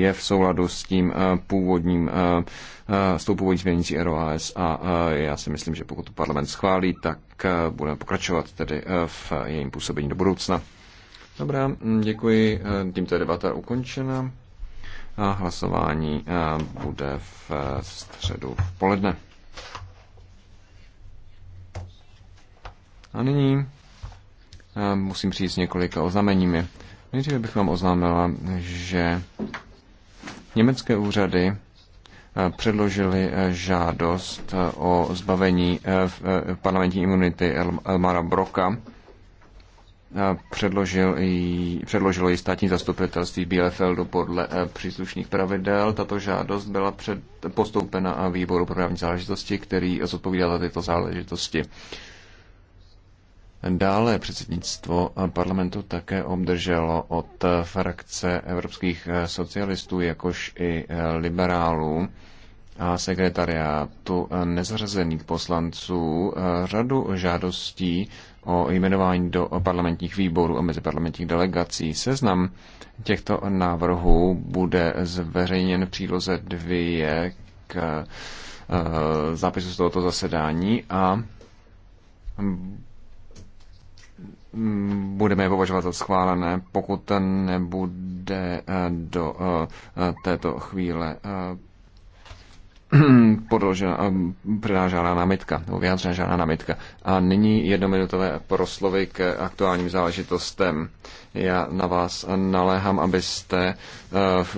je v souladu s tím eh, původním, eh, eh, s tou původní směrnicí ROAS a já si myslím, že pokud to parlament schválí, tak budeme pokračovat tedy v jejím působení do budoucna. Dobrá, hm, děkuji. Tímto je debata ukončena a hlasování bude v středu v poledne. A nyní musím přijít s několika oznameními. Nejdříve bych vám oznámila, že Německé úřady eh, předložili eh, žádost eh, o zbavení parlamentní imunity Elmara Broka. Předložil jí, předložilo ji státní zastupitelství Bielefeldu podle příslušných pravidel. Tato žádost byla před, postoupena výboru pro právní záležitosti, který zodpovídá za tyto záležitosti. Dále předsednictvo parlamentu také obdrželo od frakce evropských socialistů, jakož i liberálů a sekretariátu nezařazených poslanců řadu žádostí o jmenování do parlamentních výborů a meziparlamentních delegací. Seznam těchto návrhů bude zveřejněn v příloze 2 k eh, zápisu z tohoto zasedání a budeme je považovat za schválené, pokud nebude eh, do eh, této chvíle eh, podložena, předá žádná námitka, nebo vyjádřena žádná námitka. A nyní jednominutové proslovy k aktuálním záležitostem. Já na vás naléhám, abyste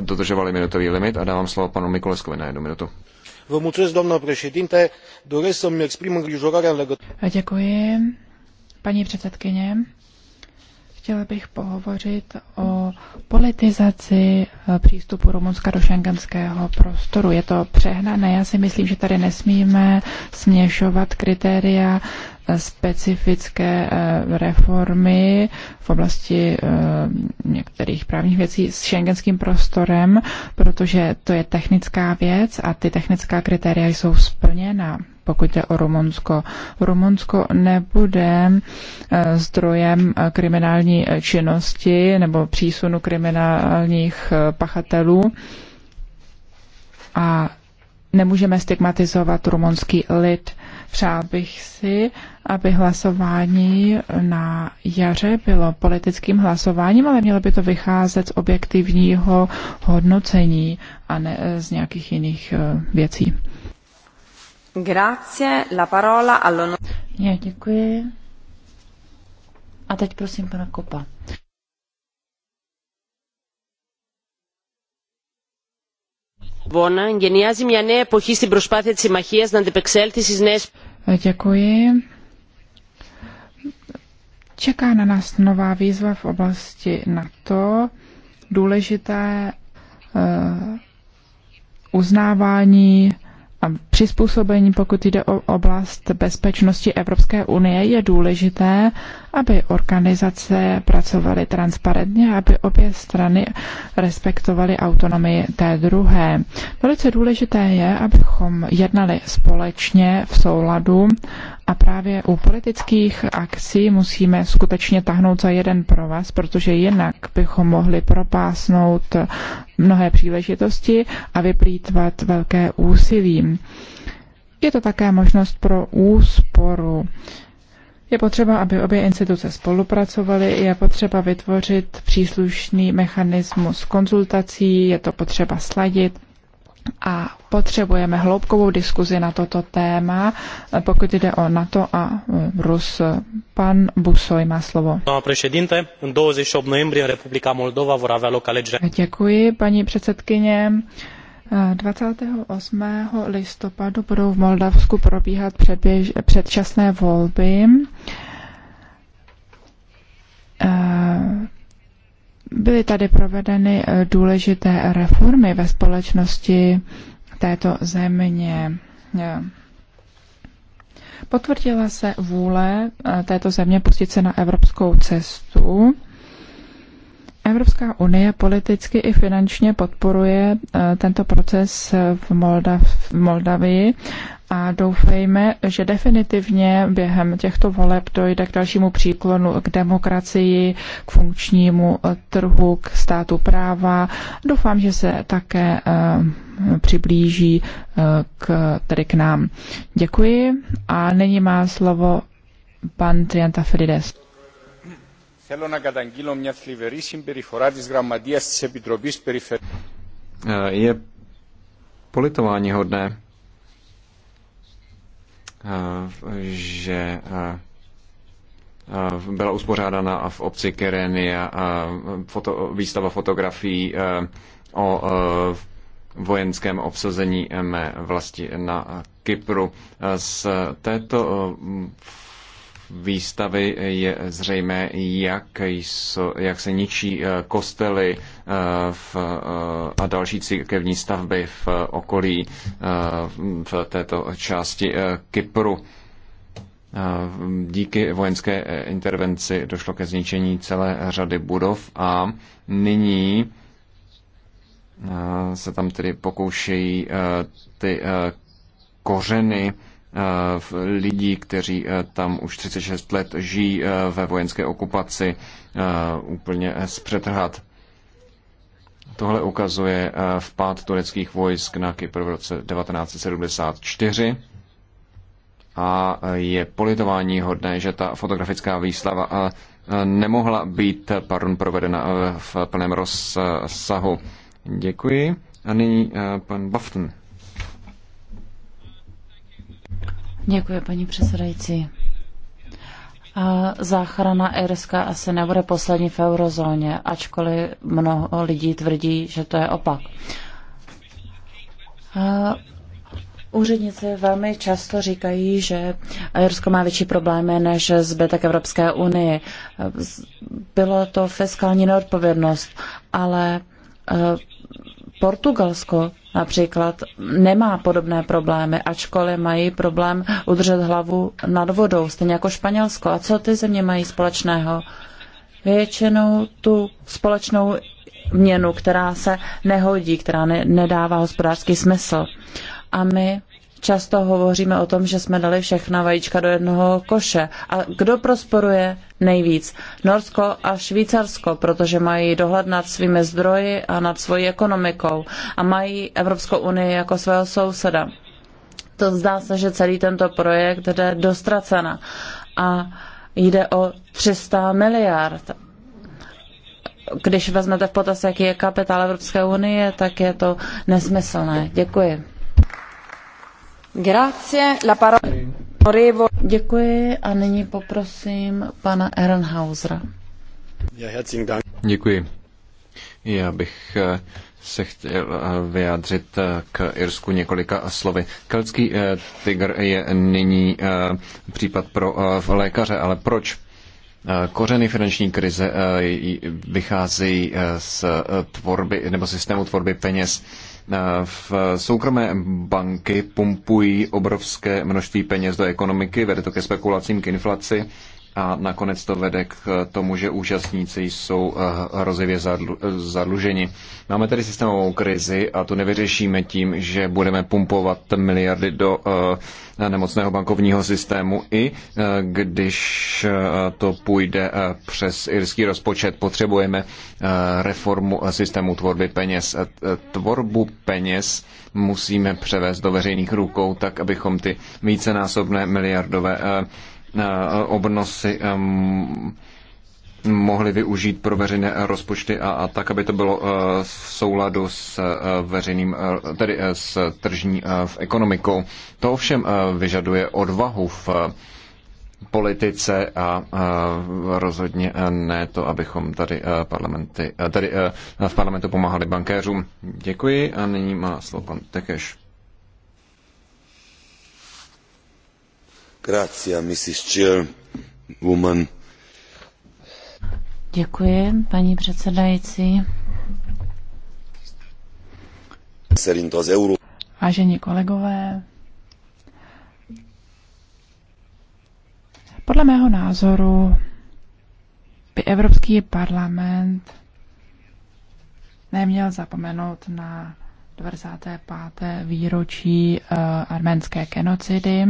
dodržovali minutový limit a dávám slovo panu Mikuleskovi na jednu minutu. Vă mulțumesc, doamnă președinte. Doresc să-mi exprim îngrijorarea în legătură. Děkuji. Paní předsedkyně, chtěla bych pohovořit o politizaci eh, přístupu Rumunska do šengenského prostoru. Je to přehnané. Já si myslím, že tady nesmíme směšovat kritéria eh, specifické eh, reformy v oblasti některých právních věcí s šengenským prostorem, protože to je technická věc a ty technická kritéria jsou splněna pokud jde o Rumunsko. Rumunsko nebude eh, zdrojem eh, kriminální činnosti nebo přísunu kriminálních eh, pachatelů a nemůžeme stigmatizovat rumunský lid. Přál bych si, aby hlasování na jaře bylo politickým hlasováním, ale mělo by to vycházet z objektivního hodnocení a ne z nějakých jiných věcí. Grazie, la parola all'onore. Já děkuji. A teď prosím pana Kopa. Βόνα γενιάζει μια νέα εποχή στην προσπάθεια της συμμαχίας να αντεπεξέλθει στις νέες... Děkuji. Čeká na nás nová výzva v oblasti NATO. Důležité uh, uznávání přizpůsobení, pokud jde o oblast bezpečnosti Evropské unie, je důležité, aby organizace pracovaly transparentně, aby obě strany respektovaly autonomii té druhé. Velice důležité je, abychom jednali společně v souladu a právě u politických akcí musíme skutečně tahnout za jeden pro vás, protože jinak bychom mohli propásnout mnohé příležitosti a vyplýtvat velké úsilí. Je to také možnost pro úsporu. Je potřeba, aby obě instituce spolupracovaly, je potřeba vytvořit příslušný mechanismus konzultací, je to potřeba sladit a potřebujeme hloubkovou diskuzi na toto téma, pokud jde o NATO a eh, Rus. Pan Busoj má slovo. Děkuji, paní předsedkyně. 28. Eh, listopadu budou v Moldavsku probíhat předběž, předčasné volby Byly tady provedeny eh, důležité reformy ve společnosti této země. Eh, potvrdila se vůle eh, této země pustit se na evropskou cestu. Evropská unie politicky i finančně podporuje tento proces v, Moldav- v Moldavii a doufejme, že definitivně během těchto voleb dojde k dalšímu příklonu k demokracii, k funkčnímu eh, trhu, k státu práva. Doufám, že se také eh, přiblíží eh, k, tedy k nám. Děkuji a nyní má slovo pan Trianta Frides. Je politování hodné, že eh, eh, byla uspořádána v obci Kerenia eh, foto, výstava fotografií o vojenském obsazení mé vlasti na Kypru. Z této výstavy je zřejmé, jak, jsou, jak se ničí eh, kostely eh, v, eh, a další církevní stavby v okolí v této části Kypru. Díky vojenské intervenci došlo ke zničení celé řady budov a nyní se tam tedy pokoušejí ty kořeny Eh, lidí, kteří eh, tam už 36 let žijí eh, ve vojenské okupaci, úplně zpřetrhat. Tohle ukazuje vpád tureckých vojsk na Kypr v roce 1974 a je politování hodné, že ta fotografická výstava nemohla být pardon, provedena v plném rozsahu. Děkuji. A nyní pan Bafton. Děkuji, paní předsedající. A záchrana Irska asi nebude poslední v eurozóně, ačkoliv mnoho lidí tvrdí, že to je opak. A úředníci velmi často říkají, že Irsko má větší problémy než zbytek Evropské unie. Bylo to fiskální neodpovědnost, ale Portugalsko například nemá podobné problémy, ačkoliv mají problém udržet hlavu nad vodou, stejně jako Španělsko. A co ty země mají společného? Většinou tu společnou měnu, která se nehodí, která ne, nedává hospodářský smysl. A my často hovoříme o tom, že jsme dali všechna vajíčka do jednoho koše. A kdo prosporuje nejvíc? Norsko a Švýcarsko, protože mají dohled nad svými zdroji a nad svojí ekonomikou a mají Evropskou unii jako svého souseda. To zdá se, že celý tento projekt jde do ztracena a jde o 300 miliard. Když vezmete v potaz, jaký je kapitál Evropské unie, tak je to nesmyslné. Děkuji. Děkuji a nyní poprosím pana Ehrenhausera. Děkuji. Já bych eh, se chtěl eh, vyjádřit eh, k Irsku několika slovy. Keltský tygr je nyní případ pro lékaře, ale proč? Kořeny finanční krize vycházejí z tvorby nebo systému tvorby peněz Eh, v soukromé banky pumpují obrovské množství peněz do ekonomiky, vede to ke spekulacím, k inflaci a nakonec to vede k tomu, že účastníci jsou eh, hrozivě zadluženi. Máme tady systémovou krizi a to nevyřešíme tím, že budeme pumpovat miliardy do eh, nemocného bankovního systému, i eh, když to půjde přes irský rozpočet. Potřebujeme reformu systému tvorby peněz. Tvorbu peněz musíme převést do veřejných rukou, tak abychom ty vícenásobné miliardové Eh, obnosy mohli využít pro veřejné rozpočty a, a tak, aby to bylo eh, v souladu s eh, veřejným, tedy s tržní v ekonomikou. To ovšem vyžaduje odvahu v politice a rozhodně ne to, abychom tady, parlamenty, tady v parlamentu pomáhali bankéřům. Děkuji a nyní má slovo pan Tekeš. Děkuji, paní předsedající. Vážení kolegové, podle mého názoru by Evropský parlament neměl zapomenout na 25. výročí eh, arménské genocidy.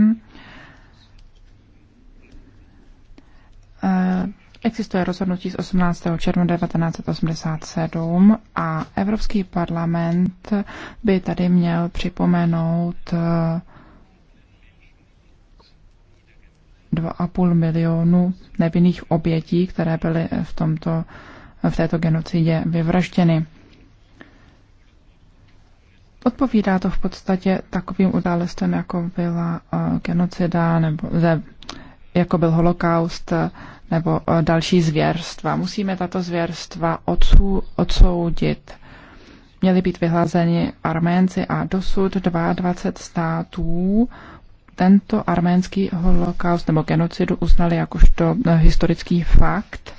Existuje rozhodnutí z 18. června 1987 a Evropský parlament by tady měl připomenout 2,5 eh, milionu nevinných obětí, které byly v, tomto, v této genocidě vyvražděny. Odpovídá to v podstatě takovým událostem, jako byla eh, genocida nebo jako byl holokaust eh, nebo eh, další zvěrstva. Musíme tato zvěrstva odsoudit. Měli být vyhlazeni Arménci a dosud 22 států tento arménský holokaust nebo genocidu uznali jakožto eh, historický fakt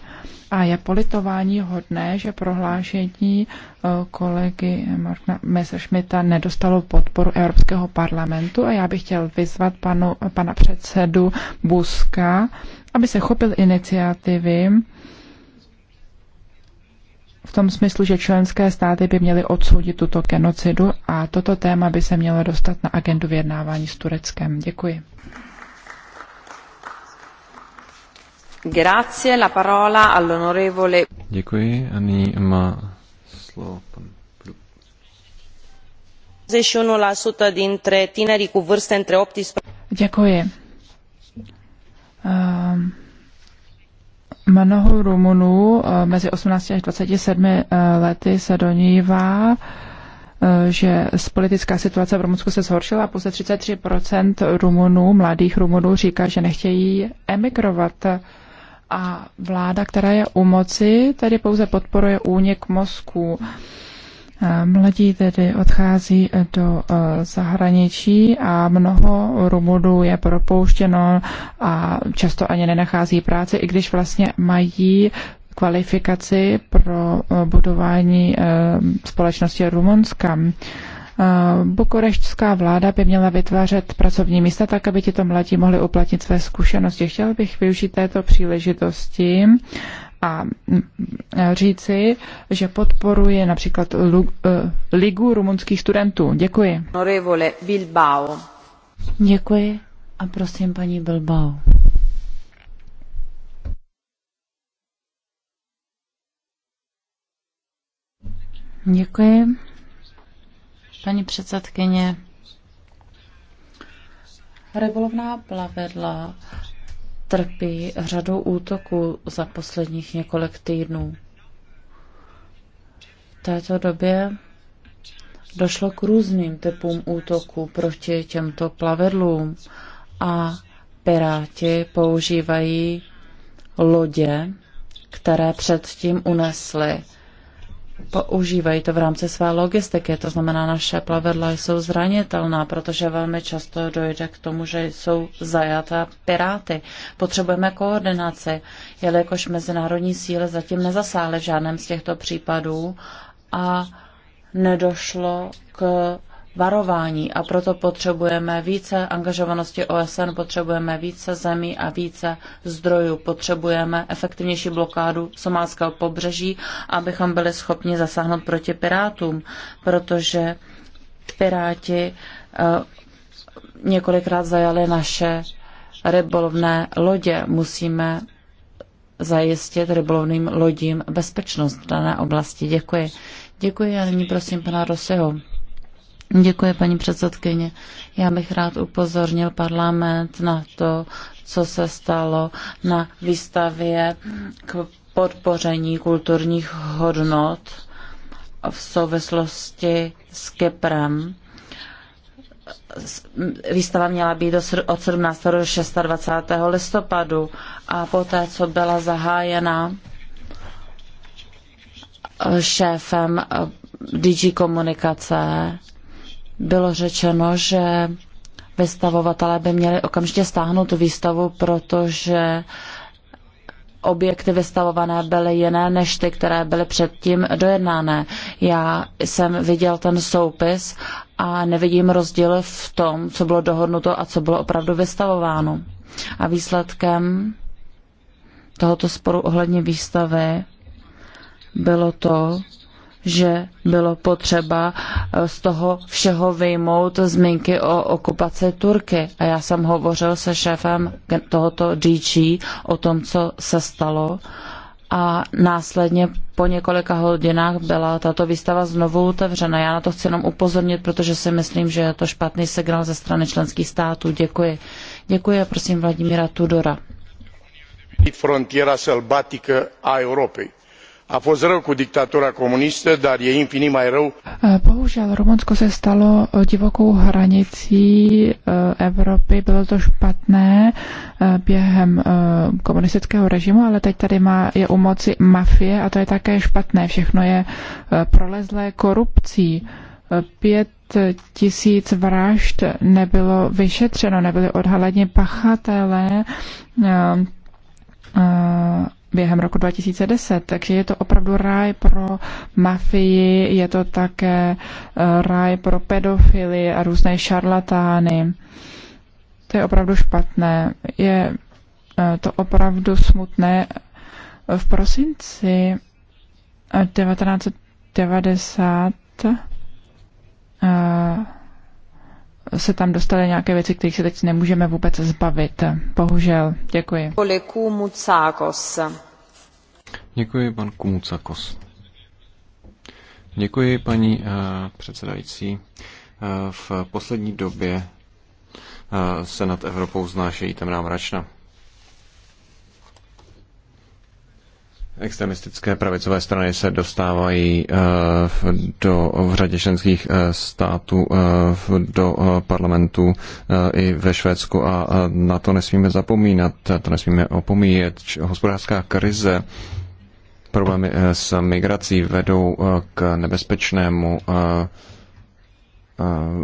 a je politování hodné, že prohlášení eh, kolegy Martina Messerschmitta nedostalo podporu Evropského parlamentu a já bych chtěl vyzvat panu, pana předsedu Buska, aby se chopil iniciativy v tom smyslu, že členské státy by měly odsoudit tuto genocidu a toto téma by se mělo dostat na agendu vyjednávání s Tureckem. Děkuji. Grazie, la parola all'onorevole. Děkuji a nyní má slovo pan 21% dintre tinerii cu vârste între 18... Děkuji. Ehm, mnoho Rumunů eh, mezi 18 až 27 eh, lety se donívá, eh, že politická situace v Rumunsku se zhoršila a pouze 33% Rumunů, mladých Rumunů, říká, že nechtějí emigrovat a vláda, která je u moci, tedy pouze podporuje únik mozku. Eh, mladí tedy odchází do eh, zahraničí a mnoho rumudů je propouštěno a často ani nenachází práci, i když vlastně mají kvalifikaci pro eh, budování společnosti Rumunska. Eh, bukurešťská vláda by měla vytvářet pracovní místa tak, aby tito mladí mohli uplatnit své zkušenosti. Chtěl bych využít této příležitosti a mm, eh, říci, že podporuje například eh, Ligu rumunských studentů. Děkuji. Bilbao. Děkuji a prosím paní Bilbao. Děkuji. Paní předsedkyně, rybolovná plavedla trpí řadou útoků za posledních několik týdnů. V této době došlo k různým typům útoků proti těmto plavedlům a piráti používají lodě, které předtím unesly používají to v rámci své logistiky, to znamená naše plavidla jsou zranitelná, protože velmi často dojde k tomu, že jsou zajatá piráty. Potřebujeme koordinaci, jelikož mezinárodní síly zatím nezasáhly v žádném z těchto případů a nedošlo k varování a proto potřebujeme více angažovanosti OSN, potřebujeme více zemí a více zdrojů, potřebujeme efektivnější blokádu somálského pobřeží, abychom byli schopni zasáhnout proti pirátům, protože piráti eh, několikrát zajali naše rybolovné lodě. Musíme zajistit rybolovným lodím bezpečnost v dané oblasti. Děkuji. Děkuji a nyní prosím pana Rosyho. Děkuji, paní předsedkyně. Já bych rád upozornil parlament na to, co se stalo na výstavě k podpoření kulturních hodnot v souvislosti s Kyprem. Výstava měla být od 17. do 26. listopadu a poté, co byla zahájena eh, šéfem eh, DG komunikace, bylo řečeno, že vystavovatelé by měli okamžitě stáhnout tu výstavu, protože objekty vystavované byly jiné než ty, které byly předtím dojednané. Já jsem viděl ten soupis a nevidím rozdíl v tom, co bylo dohodnuto a co bylo opravdu vystavováno. A výsledkem tohoto sporu ohledně výstavy bylo to, že bylo potřeba eh, z toho všeho vyjmout zmínky o okupaci Turky. A já jsem hovořil se šéfem tohoto DG o tom, co se stalo. A následně po několika hodinách byla tato výstava znovu otevřena. Já na to chci jenom upozornit, protože si myslím, že je to špatný signál ze strany členských států. Děkuji. Děkuji a prosím Vladimíra Tudora. Frontiera sălbatică a Europei a fost rău cu dictatura comunistă, dar e infinit mai rău. Eh, bohužel Rumunsko se stalo eh, divokou hranicí eh, Evropy. Bylo to špatné během komunistického režimu, ale teď tady má, je u moci mafie a to je také špatné. Všechno je prolezlé korupcí. Pět tisíc vražd nebylo vyšetřeno, nebyly odhaleni pachatelé během roku 2010. Takže je to opravdu ráj pro mafii, je to také eh, ráj pro pedofily a různé šarlatány. To je opravdu špatné. Je eh, to opravdu smutné. V prosinci 1990 eh, se tam dostaly nějaké věci, kterých se teď nemůžeme vůbec zbavit. Bohužel. Děkuji. Děkuji, pan Kumucakos. Děkuji, paní eh, předsedající. Eh, v poslední době eh, se nad Evropou znášejí temná mračna. Extremistické pravicové strany se dostávají eh, do, v řadě členských eh, států eh, do parlamentu i ve Švédsku a na to nesmíme zapomínat, to nesmíme opomíjet. Hospodářská krize problémy s migrací vedou k nebezpečnému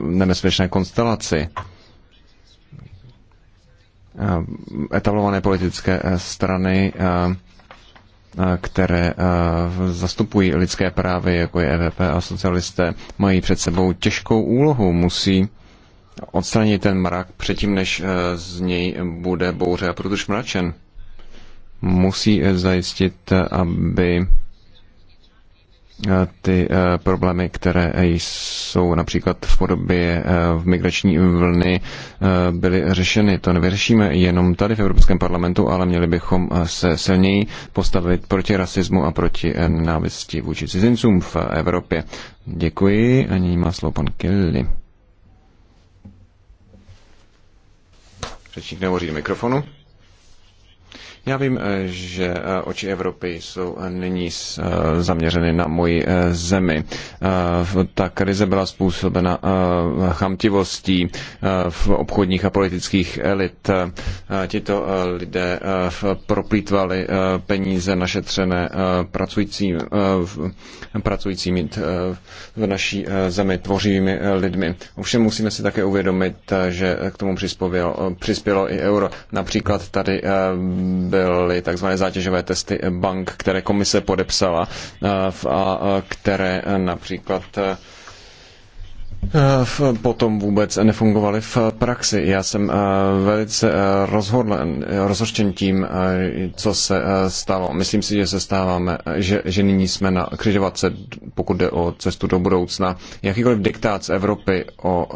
nebezpečné konstelaci etablované politické strany Eh, které eh, zastupují lidské právy, jako je EVP a socialisté, mají před sebou těžkou úlohu. Musí odstranit ten mrak předtím, než eh, z něj bude bouře a průtoč mračen. Musí zajistit, aby ty eh, problémy, které eh, jsou například v podobě eh, v migrační vlny, byly řešeny. To nevyřešíme jenom tady v Evropském parlamentu, ale měli bychom se silněji postavit proti rasismu a proti nenávisti vůči cizincům v Evropě. Děkuji a nyní má slovo pan Kelly. Řečník nehovoří do mikrofonu. Já vím, eh, že eh, oči Evropy jsou eh, nyní zaměřeny na moji zemi. Ta krize byla způsobena chamtivostí v obchodních a politických elit. Tito lidé proplýtvali peníze našetřené pracující, pracujícími v naší zemi tvořivými lidmi. Ovšem musíme si také uvědomit, že k tomu přispělo, přispělo i euro. Například tady byly tzv. zátěžové testy bank, které komise podepsala eh, a které eh, například eh, potom vůbec nefungovaly v praxi. Já jsem velice rozhodlen, rozhoštěn tím, co se stalo. Myslím si, že se stáváme, že, že nyní jsme na křižovatce, pokud jde o cestu do budoucna. Jakýkoliv diktát z Evropy o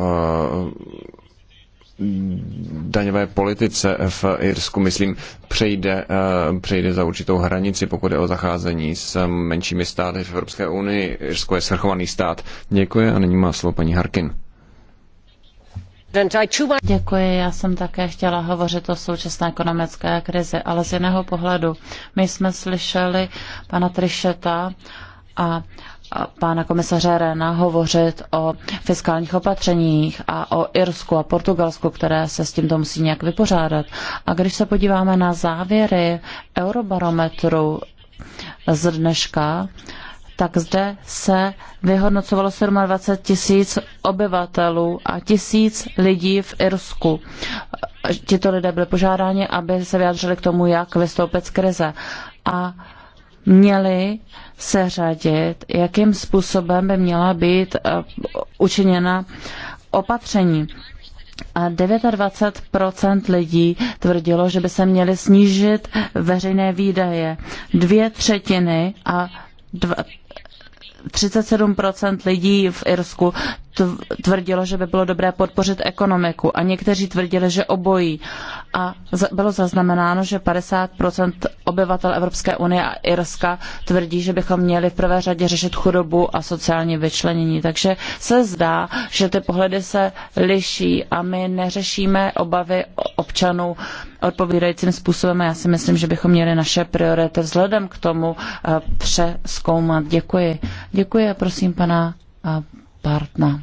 daňové politice v Irsku, myslím, přejde, eh, přejde za určitou hranici, pokud je o zacházení s menšími státy v Evropské unii. Irsko je svrchovaný stát. Děkuji a nyní má slovo paní Harkin. Děkuji, já jsem také chtěla hovořit o současné ekonomické krizi, ale z jiného pohledu. My jsme slyšeli pana Trišeta a pána komisaře Rena hovořit o fiskálních opatřeních a o Irsku a Portugalsku, které se s tímto musí nějak vypořádat. A když se podíváme na závěry eurobarometru z dneška, tak zde se vyhodnocovalo 27 tisíc obyvatelů a tisíc lidí v Irsku. Tito lidé byli požádáni, aby se vyjádřili k tomu, jak vystoupit z krize. A měli seřadit, jakým způsobem by měla být eh, učiněna opatření. A 29 lidí tvrdilo, že by se měly snížit veřejné výdaje. Dvě třetiny a dva, 37% lidí v Irsku tvrdilo, že by bylo dobré podpořit ekonomiku a někteří tvrdili, že obojí. A bylo zaznamenáno, že 50% obyvatel Evropské unie a Irska tvrdí, že bychom měli v prvé řadě řešit chudobu a sociální vyčlenění. Takže se zdá, že ty pohledy se liší a my neřešíme obavy občanů odpovídajícím způsobem. Já si myslím, že bychom měli naše priority vzhledem k tomu eh, přeskoumat. Děkuji. Děkuji a prosím pana eh, Bartna.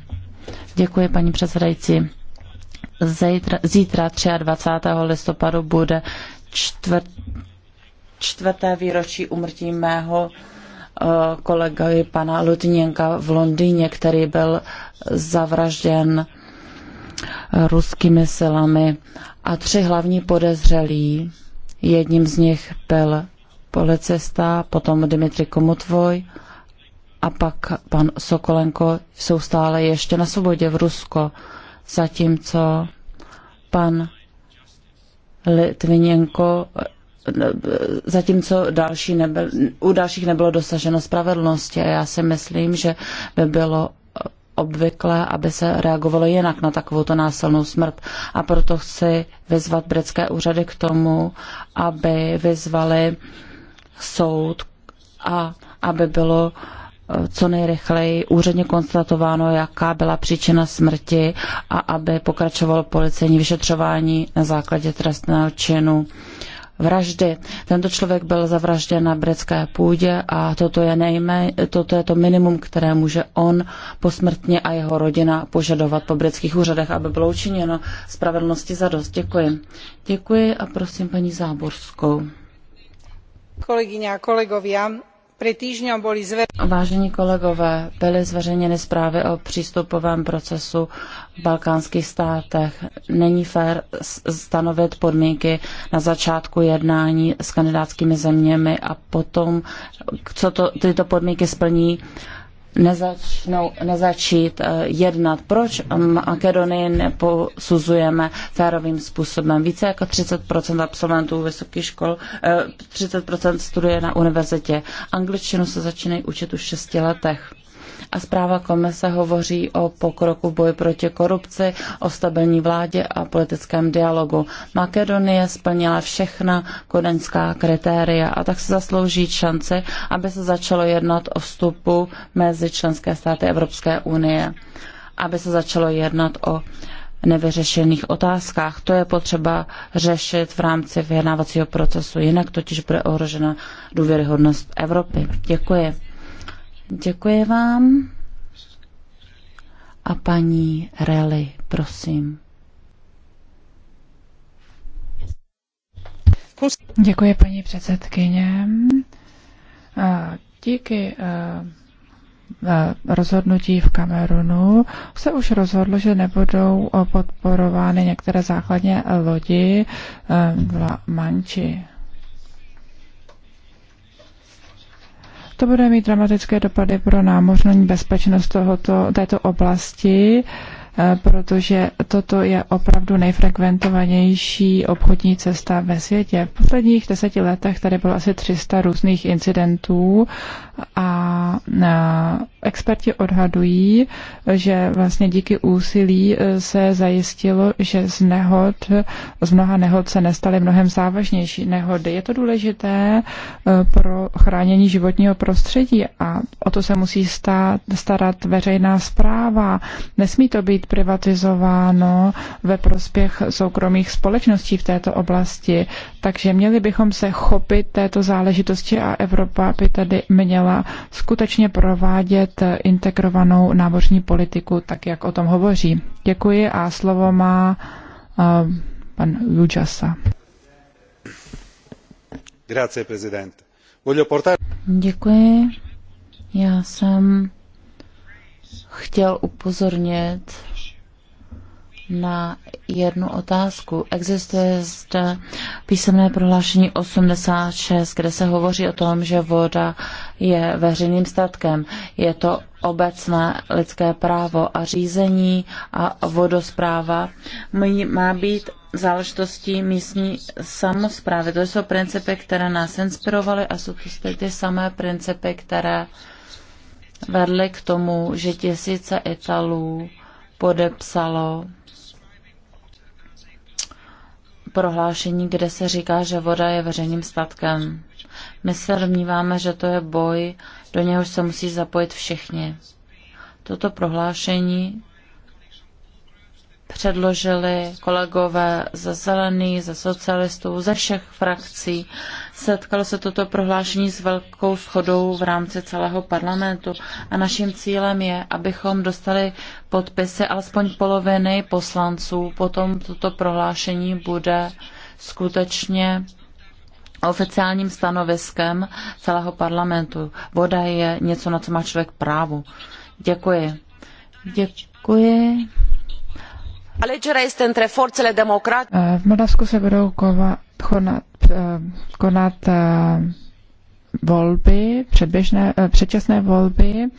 Děkuji, paní předsedající. Zítra, zítra 23. listopadu bude čtvrt, čtvrté výročí umrtí mého eh, kolegy pana Lutněnka v Londýně, který byl zavražděn ruskými silami a tři hlavní podezřelí, jedním z nich byl policista, potom Dmitry Komotvoj a pak pan Sokolenko jsou stále ještě na svobodě v Rusko, zatímco pan Litvinenko zatímco další nebyl, u dalších nebylo dosaženo spravedlnosti a já si myslím, že by bylo obvykle, aby se reagovalo jinak na takovouto násilnou smrt. A proto chci vyzvat britské úřady k tomu, aby vyzvali soud a aby bylo eh, co nejrychleji úředně konstatováno, jaká byla příčina smrti a aby pokračovalo policejní vyšetřování na základě trestného činu vraždy. Tento člověk byl zavražděn na britské půdě a toto je, nejmé, toto je to minimum, které může on posmrtně a jeho rodina požadovat po britských úřadech, aby bylo učiněno spravedlnosti za dost. Děkuji. Děkuji a prosím paní Záborskou. Kolegyně a kolegovia, Vážení kolegové, byly zveřejněny zprávy o přístupovém procesu v balkánských státech. Není fér stanovit podmínky na začátku jednání s kandidátskými zeměmi a potom, co to, tyto podmínky splní nezačnou, nezačít eh, jednat. Proč eh, Makedonii neposuzujeme férovým způsobem? Více jako 30% absolventů vysokých škol, 30% eh, studuje na univerzitě. Angličtinu se začínají učit už v 6 letech a zpráva komise hovoří o pokroku boji proti korupci, o stabilní vládě a politickém dialogu. Makedonie splnila všechna kodaňská kritéria a tak se zaslouží šance, aby se začalo jednat o vstupu mezi členské státy Evropské unie, aby se začalo jednat o nevyřešených otázkách. To je potřeba řešit v rámci vyjednávacího procesu, jinak totiž bude ohrožena důvěryhodnost Evropy. Děkuji. Děkuji vám. A paní Rely, prosím. Děkuji, paní předsedkyně. Díky rozhodnutí v Kamerunu se už rozhodlo, že nebudou podporovány některé základně lodi v Manči. To bude mít dramatické dopady pro námořní bezpečnost tohoto, této oblasti, eh, protože toto je opravdu nejfrekventovanější obchodní cesta ve světě. V posledních deseti letech tady bylo asi 300 různých incidentů a eh, Experti odhadují, že vlastně díky úsilí eh, se zajistilo, že z nehod, z mnoha nehod se nestaly mnohem závažnější nehody. Je to důležité eh, pro chránění životního prostředí a o to se musí stát, starat veřejná zpráva. Nesmí to být privatizováno ve prospěch soukromých společností v této oblasti. Takže měli bychom se chopit této záležitosti a Evropa by tady měla skutečně provádět vytvářet integrovanou nábožní politiku, tak jak o tom hovoří. Děkuji a slovo má uh, pan Lujasa. Grazie, Děkuji. Já jsem chtěl upozornit na jednu otázku. Existuje zde písemné prohlášení 86, kde se hovoří o tom, že voda je veřejným statkem. Je to obecné lidské právo a řízení a vodospráva má být záležitostí místní samozprávy. To jsou principy, které nás inspirovaly a jsou to ty samé principy, které vedly k tomu, že tisíce Italů podepsalo prohlášení, kde se říká, že voda je veřejným statkem. My se domníváme, že to je boj, do něhož se musí zapojit všichni. Toto prohlášení předložili kolegové ze zelených, ze socialistů, ze všech frakcí. Setkalo se toto prohlášení s velkou shodou v rámci celého parlamentu a naším cílem je, abychom dostali podpisy alespoň poloviny poslanců. Potom toto prohlášení bude skutečně oficiálním stanoviskem celého parlamentu. Voda je něco, na co má člověk právo. Děkuji. Děkuji. Alegerea este între forțele democratice. Eh, se budou konat, eh, eh, volby, předběžné, předčasné volby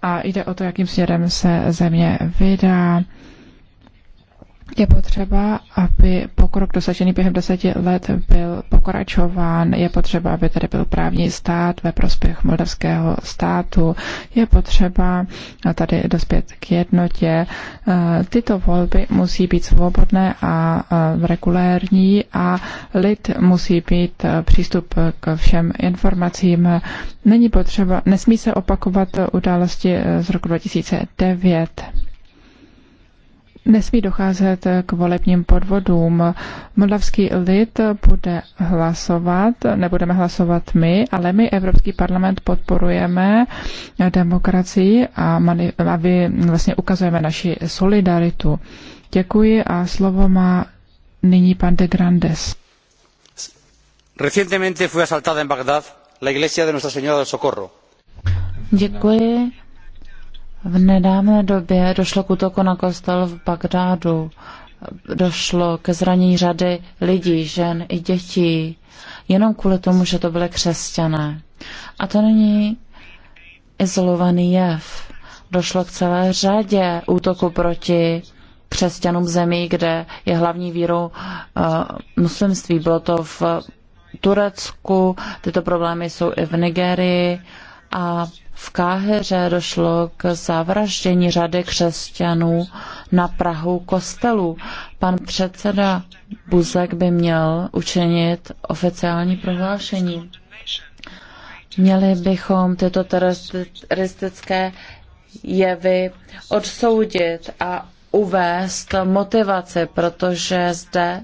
a jde o to, jakým směrem se země vydá. Je potřeba, aby pokrok dosažený během deseti let byl pokračován, je potřeba, aby tady byl právní stát ve prospěch moldavského státu, je potřeba tady dospět k jednotě. Eh, tyto volby musí být svobodné a eh, regulérní a lid musí být eh, přístup k všem informacím. Není potřeba, nesmí se opakovat události z roku 2009. Nesmí docházet k volebním podvodům. Moldavský lid bude hlasovat, nebudeme hlasovat my, ale my, Evropský parlament, podporujeme demokracii a, mani- a vy vlastně ukazujeme naši solidaritu. Děkuji a slovo má nyní pan de Grandes. Recientemente fue asaltada en Bagdad la iglesia de Nuestra Señora del Socorro. Děkuji. V nedávné době došlo k útoku na kostel v Bagdádu. Došlo ke zranění řady lidí, žen i dětí, jenom kvůli tomu, že to byly křesťané. A to není izolovaný jev. Došlo k celé řadě útoku proti křesťanům zemí, kde je hlavní vírou uh, muslimství. Bylo to v Turecku, tyto problémy jsou i v Nigerii a v Káheře došlo k zavraždění řady křesťanů na Prahu kostelu. Pan předseda Buzek by měl učinit oficiální prohlášení. Měli bychom tyto teroristické jevy odsoudit a uvést motivaci, protože zde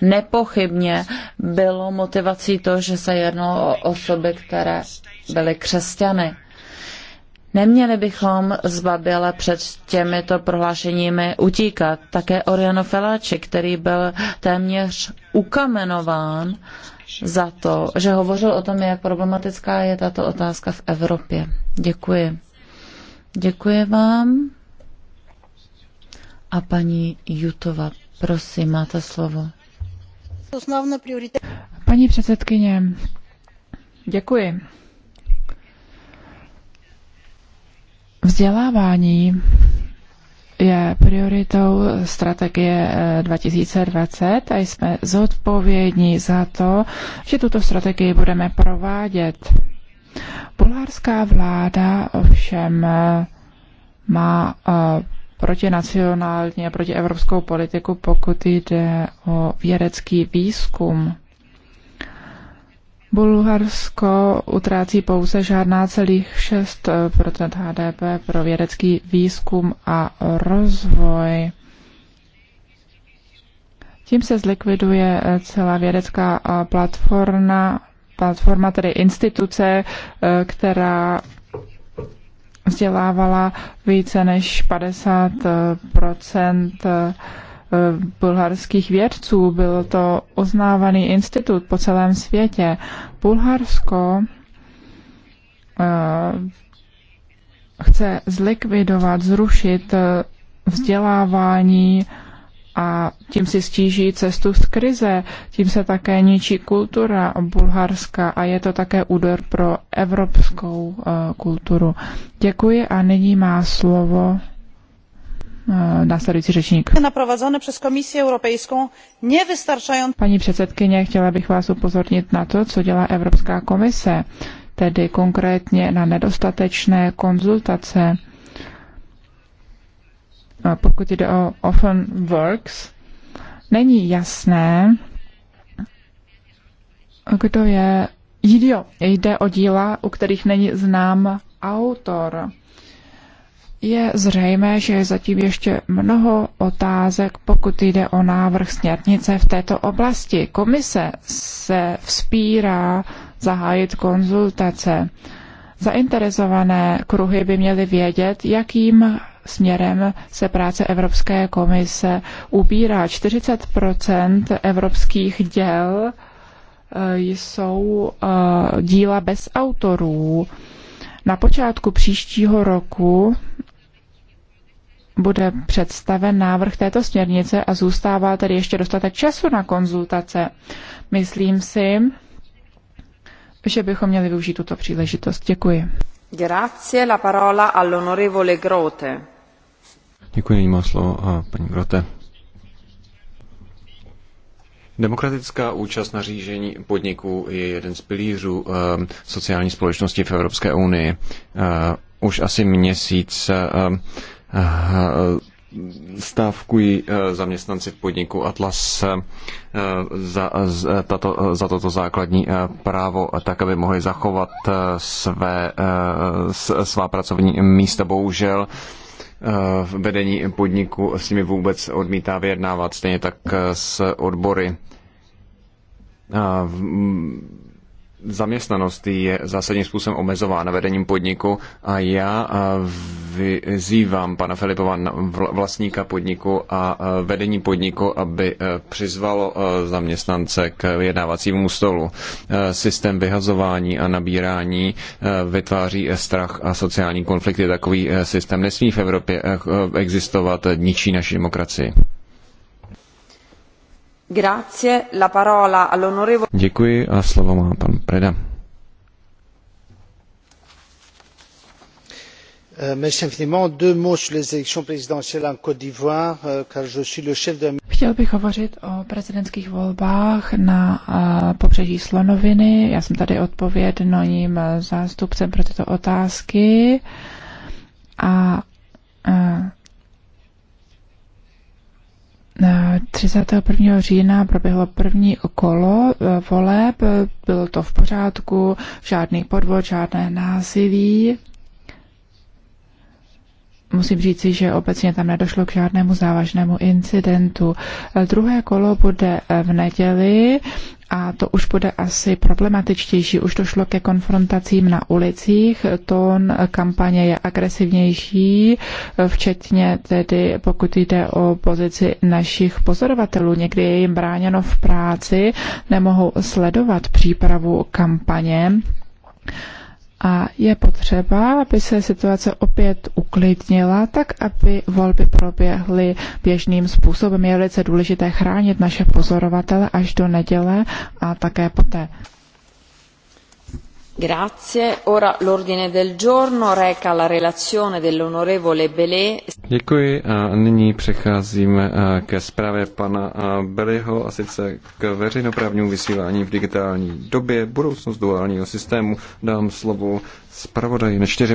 nepochybně bylo motivací to, že se jednalo o osoby, které byly křesťany. Neměli bychom zbaběle před těmito prohlášeními utíkat. Také Oriano Feláči, který byl téměř ukamenován za to, že hovořil o tom, jak problematická je tato otázka v Evropě. Děkuji. Děkuji vám. A paní Jutova, prosím, máte slovo. Paní předsedkyně, děkuji. Vzdělávání je prioritou strategie 2020 eh, a jsme zodpovědní za to, že tuto strategii budeme provádět. Bulharská vláda ovšem eh, má eh, protinacionální a protievropskou politiku, pokud jde o vědecký výzkum. Bulharsko utrácí pouze žádná celých 6 eh, HDP pro vědecký výzkum a rozvoj. Tím se zlikviduje eh, celá vědecká eh, platforma, platforma tedy instituce, která vzdělávala více než 50 Eh, bulharských vědců. Byl to uznávaný institut po celém světě. Bulharsko eh, chce zlikvidovat, zrušit eh, vzdělávání a tím si stíží cestu z krize, tím se také ničí kultura Bulharska a je to také úder pro evropskou kulturu. Děkuji a nyní má slovo Eh, následující řečník. Naprowadzono přes Komisi Europejską nevystarčající. Paní předsedkyně, chtěla bych vás upozornit na to, co dělá Evropská komise, tedy konkrétně na nedostatečné konzultace. Eh, pokud jde o Often Works, není jasné, kdo je Jde o díla, u kterých není znám autor. Je zřejmé, že je zatím ještě mnoho otázek, pokud jde o návrh směrnice v této oblasti. Komise se vzpírá zahájit konzultace. Zainteresované kruhy by měly vědět, jakým směrem se práce Evropské komise ubírá. 40 evropských děl eh, jsou eh, díla bez autorů. Na počátku příštího roku bude představen návrh této směrnice a zůstává tedy ještě dostatek času na konzultace. Myslím si, že bychom měli využít tuto příležitost. Děkuji. Grazie la parola all'onorevole Grote. Děkuji, nyní má slovo a paní Grote. Demokratická účast na řízení podniků je jeden z pilířů e, sociální společnosti v Evropské unii. E, už asi měsíc e, stávkují eh, zaměstnanci v podniku Atlas eh, za, za, eh, tato, za toto základní právo, tak aby mohli zachovat své, svá pracovní místa. Bohužel vedení podniku s nimi vůbec odmítá vyjednávat, stejně tak s odbory zaměstnanost je zásadním způsobem omezována vedením podniku a já vyzývám pana Filipova, vlastníka podniku a vedení podniku, aby e, přizvalo e, zaměstnance k vyjednávacímu stolu. E, systém vyhazování a nabírání vytváří strach a sociální konflikty. Takový systém nesmí v Evropě existovat, ničí naši demokracii. Grazie, la parola all'onorevole... Děkuji a slovo má pan Preda. Euh, euh, Chtěl bych hovořit o prezidentských volbách na pobřeží Slonoviny. Já jsem tady odpovědným zástupcem pro tyto otázky. A 31. října proběhlo první kolo eh, voleb, bylo to v pořádku, žádný podvod, žádné násilí musím říci, že obecně tam nedošlo k žádnému závažnému incidentu. Eh, druhé kolo bude eh, v neděli a to už bude asi problematičtější. Už došlo ke konfrontacím na ulicích, tón kampaně je agresivnější, eh, včetně tedy pokud jde o pozici našich pozorovatelů. Někdy je jim bráněno v práci, nemohou sledovat přípravu kampaně a je potřeba, aby se situace opět uklidnila, tak aby volby proběhly běžným způsobem. Je velice důležité chránit naše pozorovatele až do neděle a také poté. Děkuji a nyní přecházíme eh, ke zprávě pana eh, Beliho a sice k veřejnoprávnímu vysílání v digitální době budoucnost duálního systému. Dám slovo zpravodaji na čtyři